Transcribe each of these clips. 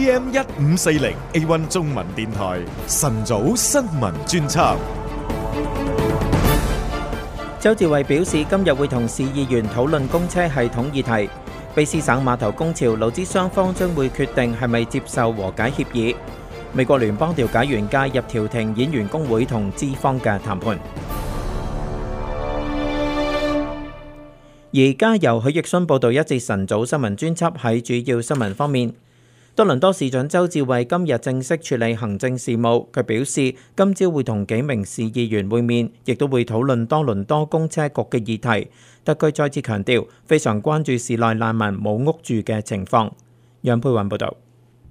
AM 一五四零 A1 中文電台晨早新聞專輯。周志偉表示，今日會同市議員討論公車系統議題。卑詩省碼頭工潮勞資雙方將會決定係咪接受和解協議。美國聯邦調解員介入調停演員工會同資方嘅談判。而家由許奕迅報道，一節晨早新聞專輯喺主要新聞方面。多倫多市長周志偉今日正式處理行政事務，佢表示今朝會同幾名市議員會面，亦都會討論多倫多公車局嘅議題。但佢再次強調，非常關注市內難民冇屋住嘅情況。楊佩雲報導。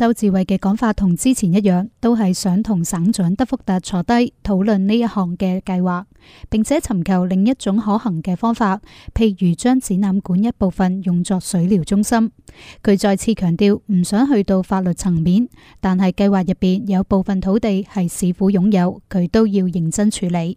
鄒至蕙嘅講法同之前一樣，都係想同省長德福特坐低討論呢一項嘅計劃，並且尋求另一種可行嘅方法，譬如將展覽館一部分用作水療中心。佢再次強調唔想去到法律層面，但係計劃入邊有部分土地係市府擁有，佢都要認真處理。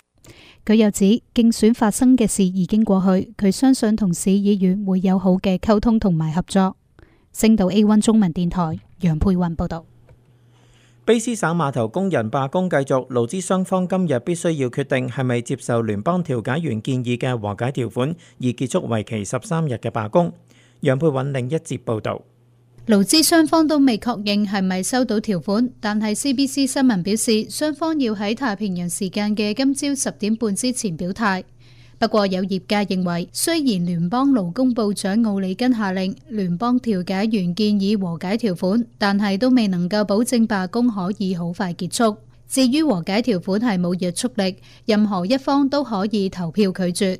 佢又指競選發生嘅事已經過去，佢相信同市議員會有好嘅溝通同埋合作。星島 A1 中文電台楊佩雲報道，卑斯省碼頭工人罷工繼續，勞資雙方今日必須要決定係咪接受聯邦調解員建議嘅和解條款而結束為期十三日嘅罷工。楊佩雲另一節報道。勞資雙方都未確認係咪收到條款，但係 CBC 新聞表示，雙方要喺太平洋時間嘅今朝十點半之前表態。不過有業界認為，雖然聯邦勞工部長奧里根下令聯邦調解員建議和解條款，但係都未能夠保證罷工可以好快結束。至於和解條款係冇約束力，任何一方都可以投票拒絕。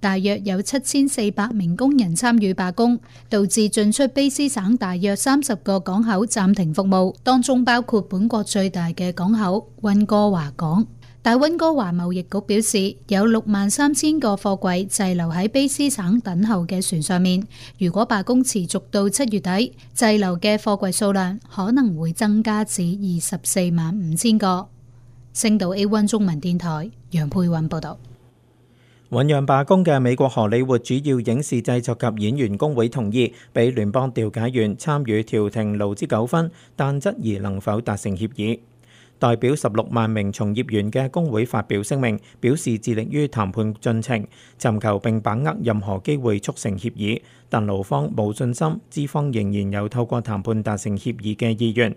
大約有七千四百名工人參與罷工，導致進出卑詩省大約三十個港口暫停服務，當中包括本國最大嘅港口溫哥華港。大溫哥華貿易局表示，有六萬三千個貨櫃滯留喺卑詩省等候嘅船上面。如果罷工持續到七月底，滯留嘅貨櫃數量可能會增加至二十四萬五千個。星島 A1 中文電台楊佩韻報道。醞釀罷工嘅美國荷里活主要影視製作及演員工會同意，俾聯邦調解員參與調停勞資糾紛，但質疑能否達成協議。代表十六萬名從業員嘅工會發表聲明，表示致力於談判進程，尋求並把握任何機會促成協議，但勞方冇信心，資方仍然有透過談判達成協議嘅意願。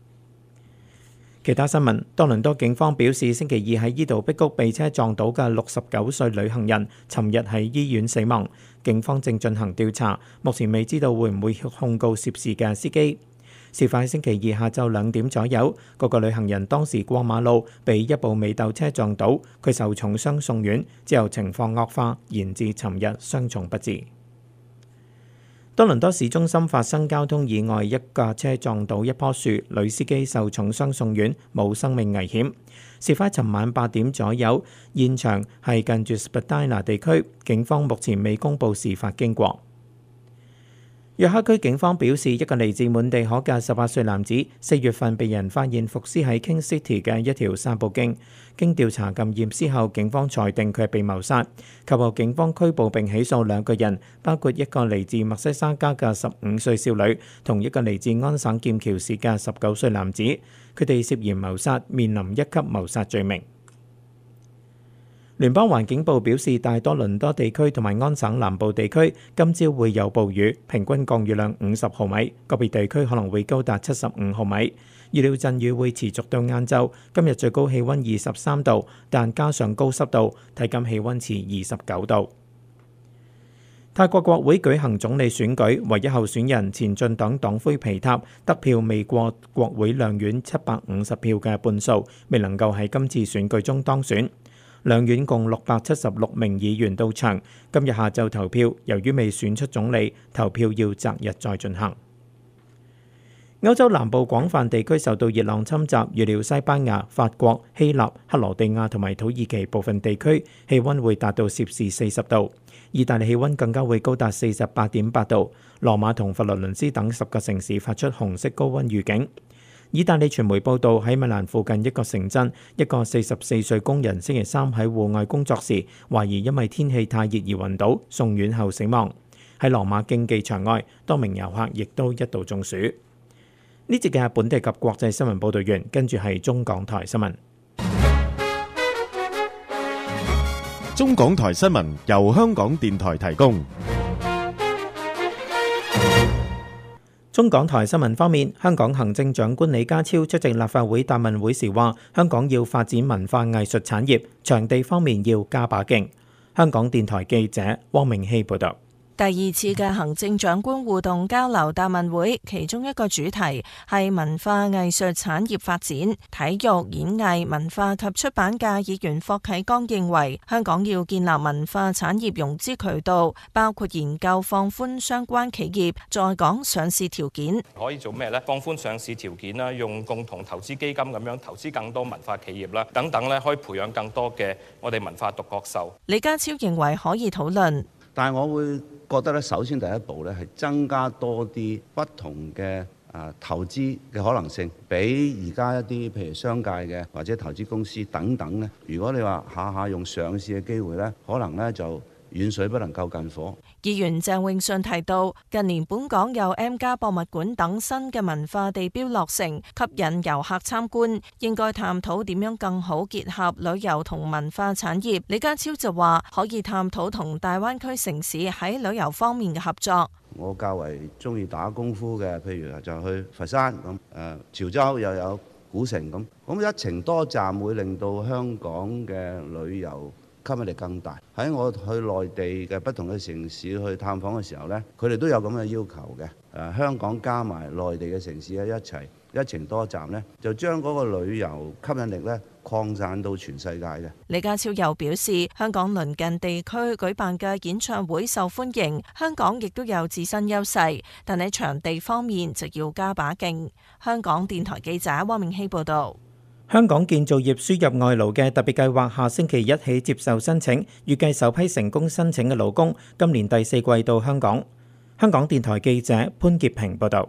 其他新聞，多倫多警方表示，星期二喺呢度逼谷被車撞倒嘅六十九歲旅行人，尋日喺醫院死亡。警方正進行調查，目前未知道會唔會控告涉事嘅司機。事發喺星期二下晝兩點左右，嗰個旅行人當時過馬路，被一部尾斗車撞倒，佢受重傷送院，之後情況惡化，延至尋日傷重不治。多倫多市中心發生交通意外，一架車撞到一棵樹，女司機受重傷送院，冇生命危險。事發尋晚八點左右，現場係近住 Spadina 地區，警方目前未公布事發經過。約克區警方表示，一個嚟自滿地可嘅十八歲男子，四月份被人發現伏屍喺 King City 嘅一條散步徑。經調查禁驗之後，警方裁定佢係被謀殺，及後警方拘捕並起訴兩個人，包括一個嚟自墨西沙加嘅十五歲少女，同一個嚟自安省劍橋市嘅十九歲男子。佢哋涉嫌謀殺，面臨一級謀殺罪名。聯邦環境部表示，大多倫多地區同埋安省南部地區今朝會有暴雨，平均降雨量五十毫米，個別地區可能會高達七十五毫米。預料陣雨會持續到晏晝。今日最高氣温二十三度，但加上高濕度，體感氣温似二十九度。泰國國會舉行總理選舉，唯一候選人前進黨黨魁皮塔得票未過國會兩院七百五十票嘅半數，未能夠喺今次選舉中當選。兩院共六百七十六名議員到場，今日下晝投票。由於未選出總理，投票要擇日再進行。歐洲南部廣泛地區受到熱浪侵襲，預料西班牙、法國、希臘、克羅地亞同埋土耳其部分地區氣温會達到攝氏四十度，意大利氣温更加會高達四十八點八度，羅馬同佛羅倫斯等十個城市發出紅色高温預警。意大利傳媒報道，喺米蘭附近一個城鎮，一個四十四歲工人星期三喺戶外工作時，懷疑因為天氣太熱而暈倒，送院後死亡。喺羅馬競技場外，多名遊客亦都一度中暑。呢節嘅本地及國際新聞報道員。跟住係中港台新聞。中港台新聞由香港電台提供。中港台新聞方面，香港行政長官李家超出席立法會答問會時話：香港要發展文化藝術產業，場地方面要加把勁。香港電台記者汪明熙報道。第二次嘅行政長官互動交流答問會，其中一個主題係文化藝術產業發展、體育、演藝、文化及出版界。議員霍啟剛認為，香港要建立文化產業融資渠道，包括研究放寬相關企業在港上市條件。可以做咩呢？放寬上市條件啦，用共同投資基金咁樣投資更多文化企業啦，等等呢可以培養更多嘅我哋文化獨角獸。李家超認為可以討論。但係我會覺得呢，首先第一步呢係增加多啲不同嘅啊投資嘅可能性，畀而家一啲譬如商界嘅或者投資公司等等呢。如果你話下下用上市嘅機會呢，可能呢就。遠水不能救近火。議員鄭永信提到，近年本港有 M+ 博物館等新嘅文化地標落成，吸引遊客參觀，應該探討點樣更好結合旅遊同文化產業。李家超就話，可以探討同大灣區城市喺旅遊方面嘅合作。我較為中意打功夫嘅，譬如就去佛山咁，誒潮州又有古城咁，咁一程多站會令到香港嘅旅遊。吸引力更大。喺我去內地嘅不同嘅城市去探訪嘅時候呢，佢哋都有咁嘅要求嘅。誒、啊，香港加埋內地嘅城市咧一齊，一程多站呢，就將嗰個旅遊吸引力呢擴散到全世界嘅。李家超又表示，香港鄰近地區舉辦嘅演唱會受歡迎，香港亦都有自身優勢，但喺場地方面就要加把勁。香港電台記者汪明希報道。香港建造業輸入外勞嘅特別計劃下星期一起接受申請，預計首批成功申請嘅勞工今年第四季到香港。香港電台記者潘潔平報道，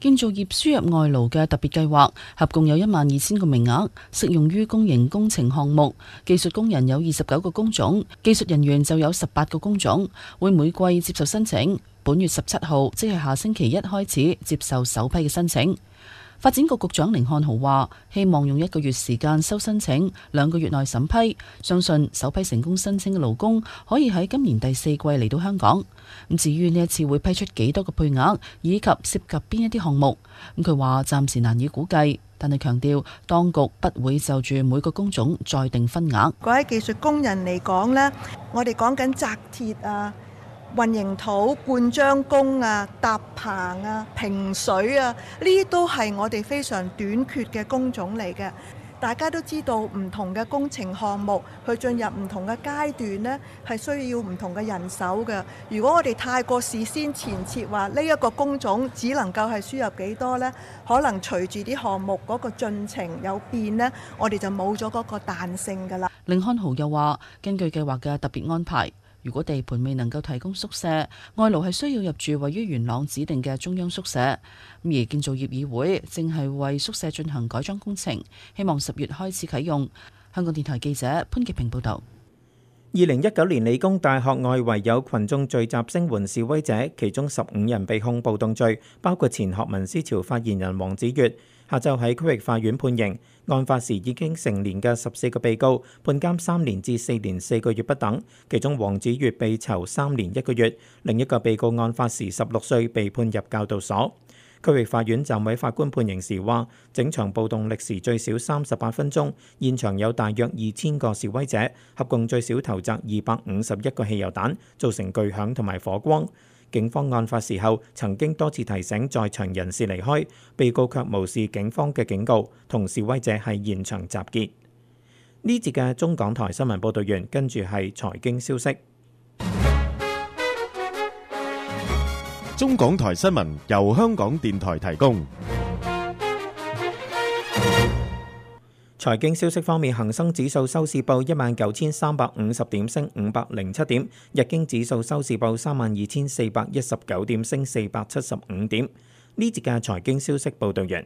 建造業輸入外勞嘅特別計劃合共有一萬二千個名額，適用於公營工程項目。技術工人有二十九個工種，技術人員就有十八個工種，會每季接受申請。本月十七號即係下星期一開始接受首批嘅申請。發展局局長寧漢豪話：，希望用一個月時間收申請，兩個月內審批，相信首批成功申請嘅勞工可以喺今年第四季嚟到香港。咁至於呢一次會批出幾多個配額，以及涉及邊一啲項目，咁佢話暫時難以估計，但係強調當局不會就住每個工種再定分額。各位技術工人嚟講呢我哋講緊紮鐵啊。運營土、灌漿工啊、搭棚啊、平水啊，呢啲都係我哋非常短缺嘅工種嚟嘅。大家都知道唔同嘅工程項目去進入唔同嘅階段呢，係需要唔同嘅人手嘅。如果我哋太過事先前設話，呢一個工種只能夠係輸入幾多呢？可能隨住啲項目嗰個進程有變呢，我哋就冇咗嗰個彈性㗎啦。林漢豪又話：根據計劃嘅特別安排。如果地盤未能夠提供宿舍，外勞係需要入住位於元朗指定嘅中央宿舍。咁而建造業議會正係為宿舍進行改裝工程，希望十月開始啟用。香港電台記者潘潔平報導。二零一九年理工大學外圍有群眾聚集聲援示威者，其中十五人被控暴動罪，包括前學民思潮發言人黃子悅。下晝喺區域法院判刑，案發時已經成年嘅十四個被告判監三年至四年四個月不等，其中黃子悅被囚三年一個月，另一個被告案發時十六歲被判入教導所。區域法院暫委法官判刑時話，整場暴動歷時最少三十八分鐘，現場有大約二千個示威者，合共最少投擲二百五十一個汽油彈，造成巨響同埋火光。警方案發時候曾經多次提醒在場人士離開，被告卻無視警方嘅警告，同示威者係現場集結。呢節嘅中港台新聞報道員，跟住係財經消息。中港台新聞由香港電台提供。財經消息方面，恒生指數收市報一萬九千三百五十點，升五百零七點；日經指數收市報三萬二千四百一十九點，升四百七十五點。呢節嘅財經消息報道完。